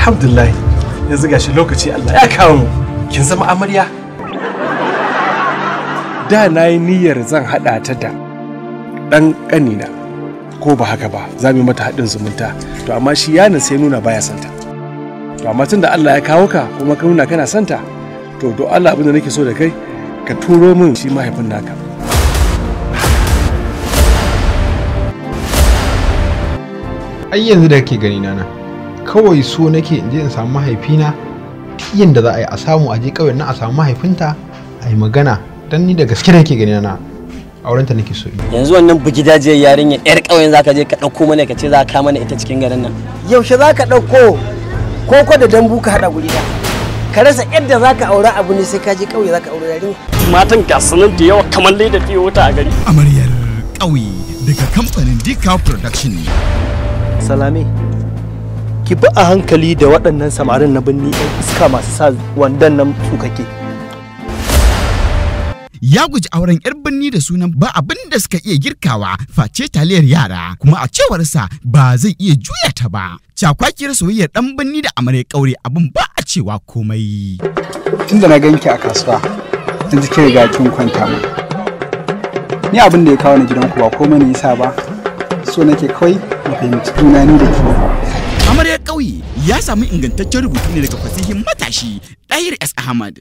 alhamdulillah yanzu gashi lokaci Allah ya kawo mu kin zama amarya da na yi niyyar zan haɗa ta da ɗan ƙanina ko ba haka ba za mu mata haɗin zumunta to amma shi ya sai nuna baya santa to amma tunda Allah ya kawo ka kuma ka nuna kana santa to do Allah abin da nake so da kai ka turo min shi mahaifin naka ai yanzu da kake gani na kawai so nake in je in samu mahaifina tiyan da za a yi a samu a je kawai na a samu mahaifinta a yi magana dan ni da gaske nake gani na aurenta nake so yanzu wannan bugi dajiyar yarinya yar kauyen zaka je ka dauko mana ka ce za ka mana ita cikin garin nan yaushe za ka dauko koko da dambu ka hada guri da ka rasa yadda za ka aura abu ne sai ka je kauye ka aure yarinya matan gasunan da yawa kamar da fiye wuta a gari amaryar kauye daga kamfanin Dika Production Salame ki bi a hankali da waɗannan samarin na birni ɗan iska masu sa wandan nan tsukake. Ya guji auren 'yar birni da sunan ba abin da suka iya girkawa face taliyar yara kuma a cewarsa ba zai iya juya ta ba. Cakwakiyar soyayyar ɗan birni da amare ƙaure abin ba a cewa komai. Tunda na ganki a kasuwa, na ji kin kin kwanta mu. Ni abin da ya kawo ni gidanku ba komai ne yasa ba, so nake kawai mu fahimci juna da ke. ƙauye ya samu ingantaccen rubutu ne daga fasihin matashi ɗahir S. Ahmad.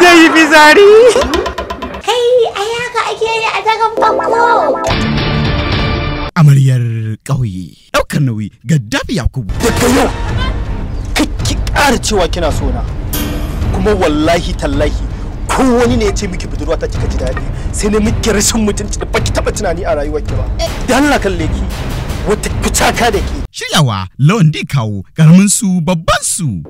Zai yi fitsari? Kai, a yaka ake yi a dagan Amaryar ƙauye, ɗaukar nauyi ga Dabi Yakubu. Daga yau, ƙara cewa kina so na kuma wallahi tallahi ko wani ne ya ce miki budurwa ta kika ji daɗi sai na miki rashin mutunci da baki taɓa tunani a ki ba da Allah kalle ki wata kucaka da ke shiryawa lawan di kawo karamin su babban su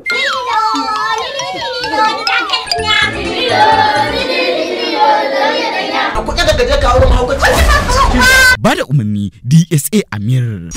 ba da umarni dsa amir